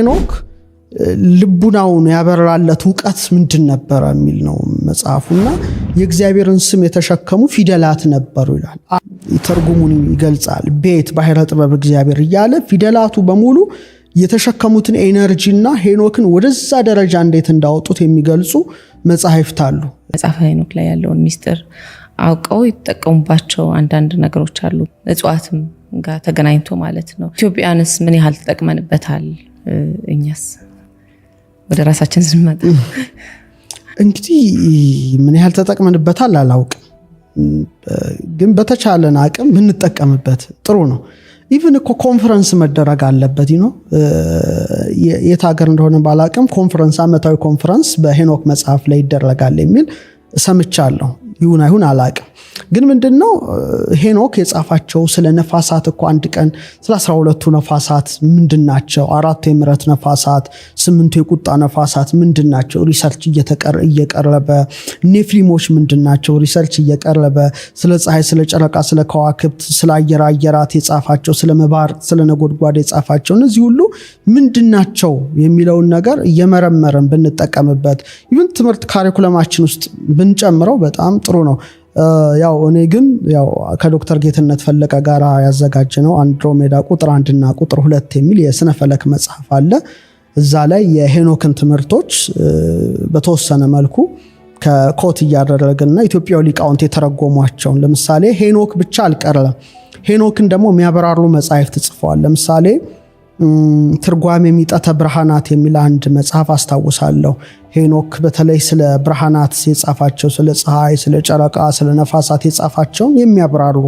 ሄኖክ ልቡናውን ያበራለት እውቀት ምንድን ነበረ የሚል ነው መጽሐፉና የእግዚአብሔርን ስም የተሸከሙ ፊደላት ነበሩ ይላል። ትርጉሙን ይገልጻል። ቤት ባሕረ ጥበብ እግዚአብሔር እያለ ፊደላቱ በሙሉ የተሸከሙትን ኤነርጂና ሄኖክን ወደዛ ደረጃ እንዴት እንዳወጡት የሚገልጹ መጽሐፍት አሉ። መጽሐፈ ሄኖክ ላይ ያለውን ሚስጥር አውቀው ይጠቀሙባቸው አንዳንድ ነገሮች አሉ። እጽዋትም ጋር ተገናኝቶ ማለት ነው። ኢትዮጵያንስ ምን ያህል ትጠቅመንበታል? እኛስ ወደ ራሳችን ስንመጣ እንግዲህ ምን ያህል ተጠቅመንበታል አላውቅም፣ ግን በተቻለን አቅም ብንጠቀምበት ጥሩ ነው። ኢቨን እኮ ኮንፈረንስ መደረግ አለበት ነው። የት ሀገር እንደሆነ ባላቅም ኮንፈረንስ፣ አመታዊ ኮንፈረንስ በሄኖክ መጽሐፍ ላይ ይደረጋል የሚል ሰምቻለሁ። ይሁን አይሁን አላቅም። ግን ምንድን ነው ሄኖክ የጻፋቸው ስለ ነፋሳት እኮ አንድ ቀን ስለ አስራ ሁለቱ ነፋሳት ምንድን ናቸው? አራቱ የምረት ነፋሳት፣ ስምንቱ የቁጣ ነፋሳት ምንድን ናቸው? ሪሰርች እየቀረበ ኔፍሊሞች ምንድን ናቸው? ሪሰርች እየቀረበ ስለ ፀሐይ፣ ስለ ጨረቃ፣ ስለ ከዋክብት፣ ስለ አየር አየራት የጻፋቸው ስለ መባር፣ ስለ ነጎድጓድ የጻፋቸው እነዚህ ሁሉ ምንድን ናቸው የሚለውን ነገር እየመረመርን ብንጠቀምበት ይህን ትምህርት ካሪኩለማችን ውስጥ ብንጨምረው በጣም ጥሩ ነው። ያው እኔ ግን ያው ከዶክተር ጌትነት ፈለቀ ጋር ያዘጋጅ ነው አንድሮሜዳ ቁጥር አንድና ቁጥር ሁለት የሚል የስነ ፈለክ መጽሐፍ አለ። እዛ ላይ የሄኖክን ትምህርቶች በተወሰነ መልኩ ከኮት እያደረግና ኢትዮጵያዊ ሊቃውንት የተረጎሟቸውን ለምሳሌ ሄኖክ ብቻ አልቀረም፣ ሄኖክን ደግሞ የሚያበራሩ መጽሐፍት ጽፈዋል። ለምሳሌ ትርጓሜ የሚጠተ ብርሃናት የሚል አንድ መጽሐፍ አስታውሳለሁ። ሄኖክ በተለይ ስለ ብርሃናት የጻፋቸው ስለ ፀሐይ፣ ስለ ጨረቃ፣ ስለ ነፋሳት የጻፋቸውን የሚያብራሩ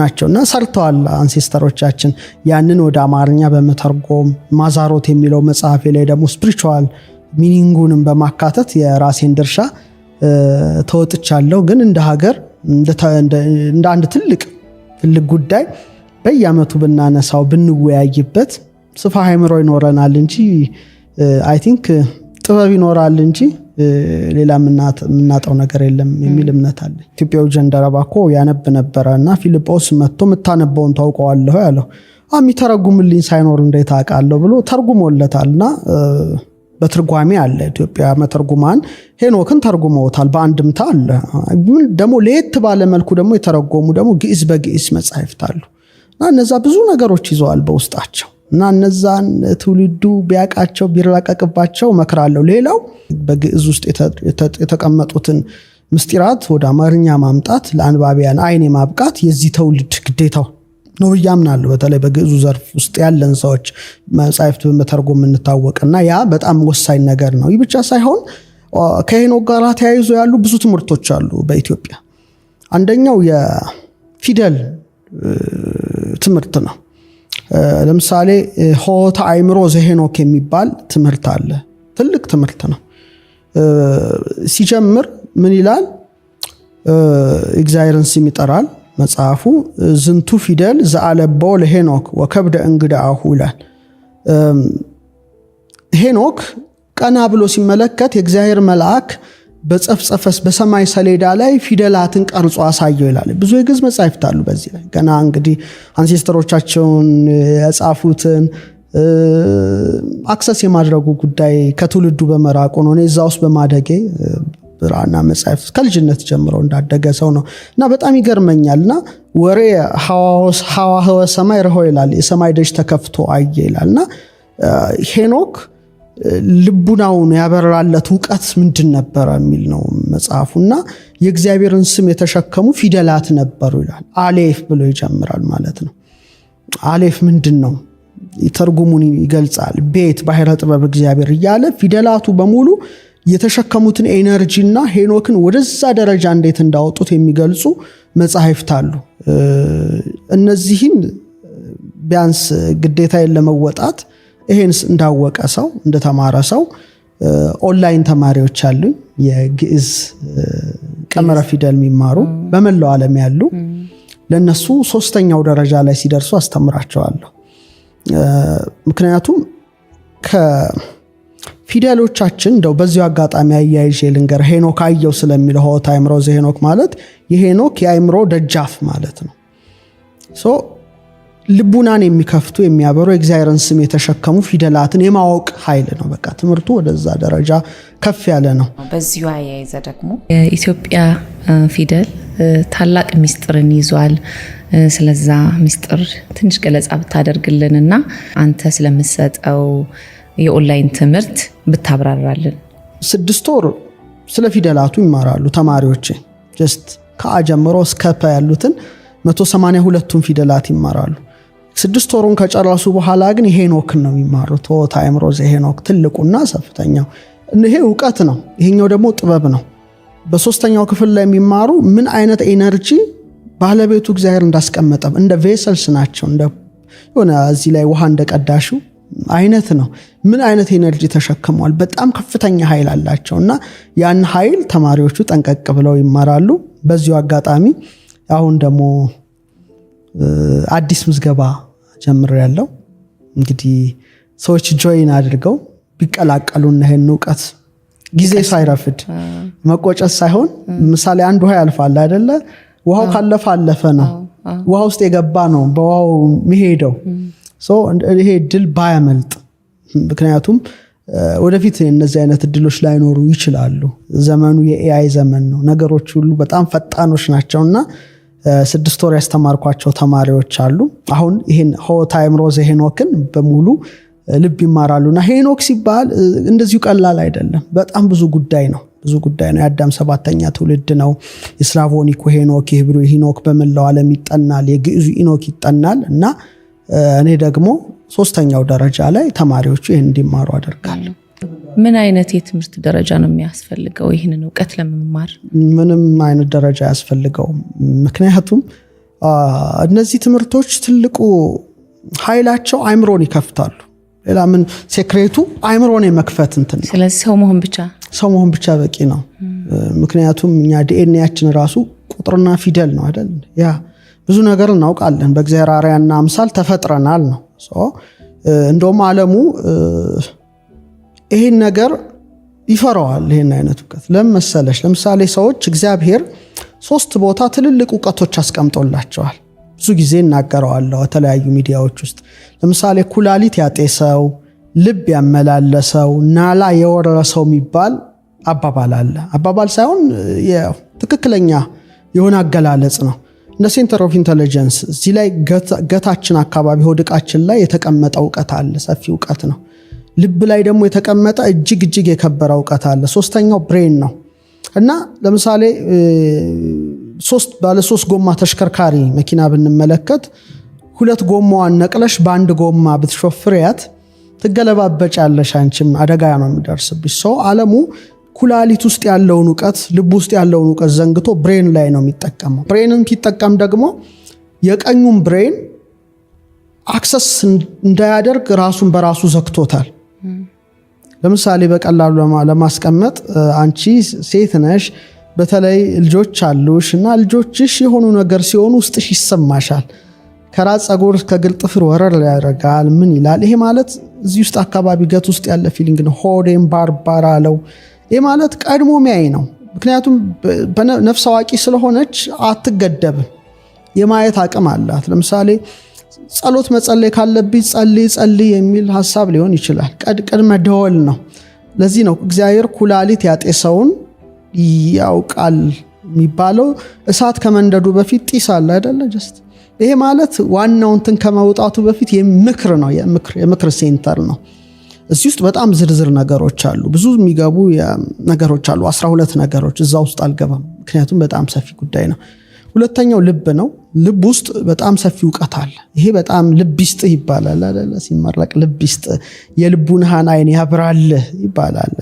ናቸው እና ሰርተዋል አንሴስተሮቻችን። ያንን ወደ አማርኛ በመተርጎም ማዛሮት የሚለው መጽሐፌ ላይ ደግሞ ስፕሪቹዋል ሚኒንጉንም በማካተት የራሴን ድርሻ ተወጥቻለሁ። ግን እንደ ሀገር እንደ አንድ ትልቅ ትልቅ ጉዳይ በየዓመቱ ብናነሳው ብንወያይበት ስፋ ሃይምሮ ይኖረናል እንጂ አይ ቲንክ ጥበብ ይኖራል እንጂ ሌላ የምናጠው ነገር የለም የሚል እምነት አለ። ኢትዮጵያዊ ጀንደረባ እኮ ያነብ ነበረ እና ፊልጶስ መጥቶ የምታነበውን ታውቀዋለሁ ያለው የሚተረጉምልኝ ሳይኖር እንዴት አውቃለሁ ብሎ ተርጉሞለታል እና በትርጓሜ አለ። ኢትዮጵያ መተርጉማን ሄኖክን ተርጉመውታል። በአንድምታ አለ። ደግሞ ለየት ባለ መልኩ ደግሞ የተረጎሙ ደግሞ ግዕዝ በግዕዝ መጽሐፍት አሉ እና እነዛ ብዙ ነገሮች ይዘዋል በውስጣቸው እና እነዛን ትውልዱ ቢያቃቸው ቢራቀቅባቸው መክራለሁ። ሌላው በግዕዝ ውስጥ የተቀመጡትን ምስጢራት ወደ አማርኛ ማምጣት ለአንባቢያን አይን ማብቃት የዚህ ትውልድ ግዴታው ነው ብዬ አምናለሁ። በተለይ በግዕዙ ዘርፍ ውስጥ ያለን ሰዎች መጻሕፍት በመተርጎም እና ያ በጣም ወሳኝ ነገር ነው። ይህ ብቻ ሳይሆን ከሄኖክ ጋር ተያይዞ ያሉ ብዙ ትምህርቶች አሉ በኢትዮጵያ። አንደኛው የፊደል ትምህርት ነው። ለምሳሌ ሆታ አይምሮ ዘሄኖክ የሚባል ትምህርት አለ። ትልቅ ትምህርት ነው። ሲጀምር ምን ይላል? እግዚአብሔርን ስም ይጠራል መጽሐፉ። ዝንቱ ፊደል ዘአለበው ለሄኖክ ወከብደ እንግዳ አሁ ይላል። ሄኖክ ቀና ብሎ ሲመለከት የእግዚአብሔር መልአክ በጸፍጸፈስ በሰማይ ሰሌዳ ላይ ፊደላትን ቀርጾ አሳየው ይላል። ብዙ የግዕዝ መጻሕፍት አሉ። በዚህ ላይ ገና እንግዲህ አንሴስተሮቻቸውን የጻፉትን አክሰስ የማድረጉ ጉዳይ ከትውልዱ በመራቁ ነው። እኔ እዛ ውስጥ በማደጌ ብራና መጻሕፍት ከልጅነት ጀምሮ እንዳደገ ሰው ነው እና በጣም ይገርመኛል። እና ወሬ ሐዋህወ ሰማይ ረሆ ይላል፣ የሰማይ ደጅ ተከፍቶ አየ ይላል እና ሄኖክ ልቡናውን ያበራለት እውቀት ምንድን ነበረ የሚል ነው መጽሐፉና የእግዚአብሔርን ስም የተሸከሙ ፊደላት ነበሩ ይላል። አሌፍ ብሎ ይጀምራል ማለት ነው። አሌፍ ምንድን ነው? ትርጉሙን ይገልጻል። ቤት ባሕረ ጥበብ እግዚአብሔር እያለ ፊደላቱ በሙሉ የተሸከሙትን እና ሄኖክን ወደዛ ደረጃ እንዴት እንዳወጡት የሚገልጹ መጽሐፍት አሉ። እነዚህን ቢያንስ ግዴታ ለመወጣት ይሄን እንዳወቀ ሰው እንደተማረ ሰው ኦንላይን ተማሪዎች አሉኝ፣ የግዕዝ ቀመረ ፊደል የሚማሩ በመላው ዓለም ያሉ ለእነሱ ሶስተኛው ደረጃ ላይ ሲደርሱ አስተምራቸዋለሁ። ምክንያቱም ከፊደሎቻችን እንደው በዚሁ አጋጣሚ አያይዤ ልንገር። ሄኖክ አየው ስለሚለው ሆት አይምሮ ዘ ሄኖክ ማለት የሄኖክ የአይምሮ ደጃፍ ማለት ነው። ልቡናን የሚከፍቱ የሚያበሩ የእግዚአብሔርን ስም የተሸከሙ ፊደላትን የማወቅ ኃይል ነው። በቃ ትምህርቱ ወደዛ ደረጃ ከፍ ያለ ነው። በዚሁ አያይዘ ደግሞ የኢትዮጵያ ፊደል ታላቅ ምስጢርን ይዟል። ስለዛ ምስጢር ትንሽ ገለጻ ብታደርግልን እና አንተ ስለምሰጠው የኦንላይን ትምህርት ብታብራራልን። ስድስት ወር ስለ ፊደላቱ ይማራሉ ተማሪዎች ጀስት ከአ ጀምሮ እስከ ፐ ያሉትን 182ቱን ፊደላት ይማራሉ። ስድስት ወሩን ከጨረሱ በኋላ ግን የሄኖክን ነው የሚማሩት። አይምሮዝ የሄኖክ ትልቁና ሰፍተኛው። ይሄ እውቀት ነው፣ ይሄኛው ደግሞ ጥበብ ነው። በሶስተኛው ክፍል ላይ የሚማሩ ምን አይነት ኤነርጂ ባለቤቱ እግዚአብሔር እንዳስቀመጠ እንደ ቬሰልስ ናቸው። ሆነ እዚህ ላይ ውሃ እንደቀዳሹ አይነት ነው። ምን አይነት ኤነርጂ ተሸክመዋል? በጣም ከፍተኛ ኃይል አላቸው እና ያን ኃይል ተማሪዎቹ ጠንቀቅ ብለው ይማራሉ። በዚሁ አጋጣሚ አሁን ደግሞ አዲስ ምዝገባ ጀምሮ ያለው እንግዲህ ሰዎች ጆይን አድርገው ቢቀላቀሉና ይህን እውቀት ጊዜ ሳይረፍድ መቆጨት ሳይሆን ምሳሌ አንድ ውሃ ያልፋል አይደለ? ውሃው ካለፈ አለፈ ነው። ውሃ ውስጥ የገባ ነው በውሃው የሚሄደው። ይሄ እድል ባያመልጥ፣ ምክንያቱም ወደፊት እነዚህ አይነት እድሎች ላይኖሩ ይችላሉ። ዘመኑ የኤአይ ዘመን ነው። ነገሮች ሁሉ በጣም ፈጣኖች ናቸው እና ስድስት ወር ያስተማርኳቸው ተማሪዎች አሉ። አሁን ይህን ሆታይም ሮዝ ሄኖክን በሙሉ ልብ ይማራሉ እና ሄኖክ ሲባል እንደዚሁ ቀላል አይደለም። በጣም ብዙ ጉዳይ ነው ብዙ ጉዳይ ነው። የአዳም ሰባተኛ ትውልድ ነው። የስላቮኒኩ ሄኖክ፣ የሂብሩ ሂኖክ በመላው ዓለም ይጠናል። የግዕዙ ኢኖክ ይጠናል እና እኔ ደግሞ ሶስተኛው ደረጃ ላይ ተማሪዎቹ ይህን እንዲማሩ አደርጋለሁ። ምን አይነት የትምህርት ደረጃ ነው የሚያስፈልገው ይህንን እውቀት ለመማር? ምንም አይነት ደረጃ አያስፈልገውም። ምክንያቱም እነዚህ ትምህርቶች ትልቁ ኃይላቸው አይምሮን ይከፍታሉ። ሌላ ምን ሴክሬቱ አይምሮን የመክፈት እንትን ስለዚህ ሰው መሆን ብቻ ሰው መሆን ብቻ በቂ ነው። ምክንያቱም እኛ ዲኤንኤያችን ራሱ ቁጥርና ፊደል ነው አይደል? ያ ብዙ ነገር እናውቃለን። በእግዚአብሔር አርአያና አምሳል ተፈጥረናል ነው እንደውም ዓለሙ ይህን ነገር ይፈራዋል። ይህን አይነት እውቀት ለምን መሰለሽ? ለምሳሌ ሰዎች እግዚአብሔር ሶስት ቦታ ትልልቅ እውቀቶች አስቀምጦላቸዋል። ብዙ ጊዜ እናገረዋለሁ የተለያዩ ሚዲያዎች ውስጥ። ለምሳሌ ኩላሊት ያጤሰው፣ ልብ ያመላለሰው፣ ናላ የወረረሰው የሚባል አባባል አለ። አባባል ሳይሆን ትክክለኛ የሆነ አገላለጽ ነው። እንደ ሴንተር ኦፍ ኢንተለጀንስ እዚህ ላይ ገታችን አካባቢ ሆድቃችን ላይ የተቀመጠ እውቀት አለ። ሰፊ እውቀት ነው። ልብ ላይ ደግሞ የተቀመጠ እጅግ እጅግ የከበረ እውቀት አለ። ሶስተኛው ብሬን ነው እና ለምሳሌ ሶስት ባለሶስት ጎማ ተሽከርካሪ መኪና ብንመለከት ሁለት ጎማዋን ነቅለሽ በአንድ ጎማ ብትሾፍሪያት ትገለባበጫለሽ፣ አንቺም አደጋ ነው የሚደርስብሽ። ሰው አለሙ ኩላሊት ውስጥ ያለውን እውቀት ልብ ውስጥ ያለውን እውቀት ዘንግቶ ብሬን ላይ ነው የሚጠቀመው። ብሬንን ሲጠቀም ደግሞ የቀኙን ብሬን አክሰስ እንዳያደርግ ራሱን በራሱ ዘግቶታል። ለምሳሌ በቀላሉ ለማስቀመጥ አንቺ ሴት ነሽ፣ በተለይ ልጆች አሉሽ እና ልጆችሽ የሆኑ ነገር ሲሆኑ ውስጥሽ ይሰማሻል። ከራስ ጸጉር እስከ ግል ጥፍር ወረር ያደርጋል። ምን ይላል ይሄ? ማለት እዚህ ውስጥ አካባቢ ገት ውስጥ ያለ ፊሊንግ ነው። ሆዴም ባርባር አለው። ይሄ ማለት ቀድሞ ሚያይ ነው። ምክንያቱም ነፍስ አዋቂ ስለሆነች አትገደብም፣ የማየት አቅም አላት። ለምሳሌ ጸሎት መጸለይ ካለብኝ ጸልይ ጸልይ የሚል ሀሳብ ሊሆን ይችላል። ቀድቀድ መደወል ነው። ለዚህ ነው እግዚአብሔር ኩላሊት ያጤሰውን ያውቃል የሚባለው። እሳት ከመንደዱ በፊት ጢስ አለ አይደለ? ጀስት ይሄ ማለት ዋናው እንትን ከመውጣቱ በፊት የምክር ነው። የምክር ሴንተር ነው። እዚህ ውስጥ በጣም ዝርዝር ነገሮች አሉ። ብዙ የሚገቡ ነገሮች አሉ። አስራ ሁለት ነገሮች እዛ ውስጥ አልገባም፣ ምክንያቱም በጣም ሰፊ ጉዳይ ነው። ሁለተኛው ልብ ነው። ልብ ውስጥ በጣም ሰፊ እውቀት አለ። ይሄ በጣም ልብ ይስጥ ይባላል አይደለ? ሲመረቅ ልብ ይስጥ የልቡናህን አይን ያብራልህ ይባላል።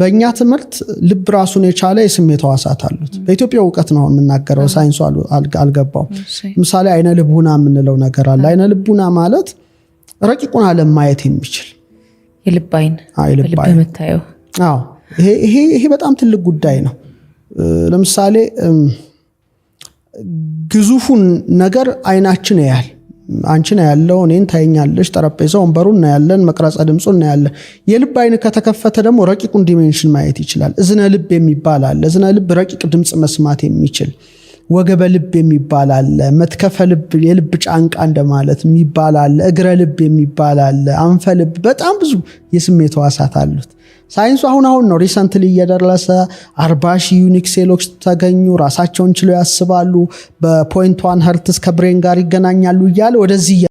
በእኛ ትምህርት ልብ ራሱን የቻለ የስሜት ሕዋሳት አሉት። በኢትዮጵያ እውቀት ነው የምናገረው፣ ሳይንሱ አልገባው። ምሳሌ አይነ ልቡና የምንለው ነገር አለ። አይነ ልቡና ማለት ረቂቁን ዓለም ማየት የሚችል ይሄ በጣም ትልቅ ጉዳይ ነው። ለምሳሌ ግዙፉን ነገር አይናችን ያያል። አንቺን ያለው እኔን ታየኛለሽ። ጠረጴዛ ወንበሩን እናያለን። መቅረጸ ድምፁ እናያለን። የልብ አይን ከተከፈተ ደግሞ ረቂቁን ዲሜንሽን ማየት ይችላል። እዝነ ልብ የሚባል አለ። እዝነ ልብ ረቂቅ ድምፅ መስማት የሚችል ወገበ ልብ የሚባል አለ። መትከፈ ልብ የልብ ጫንቃ እንደማለት የሚባል አለ። እግረ ልብ የሚባል አለ። አንፈ ልብ በጣም ብዙ የስሜት ዋሳት አሉት። ሳይንሱ አሁን አሁን ነው ሪሰንትሊ እየደረሰ አርባ ሺ ዩኒክ ሴሎች ተገኙ፣ ራሳቸውን ችለው ያስባሉ፣ በፖይንት ዋን ሀርትስ ከብሬን ጋር ይገናኛሉ እያለ ወደዚህ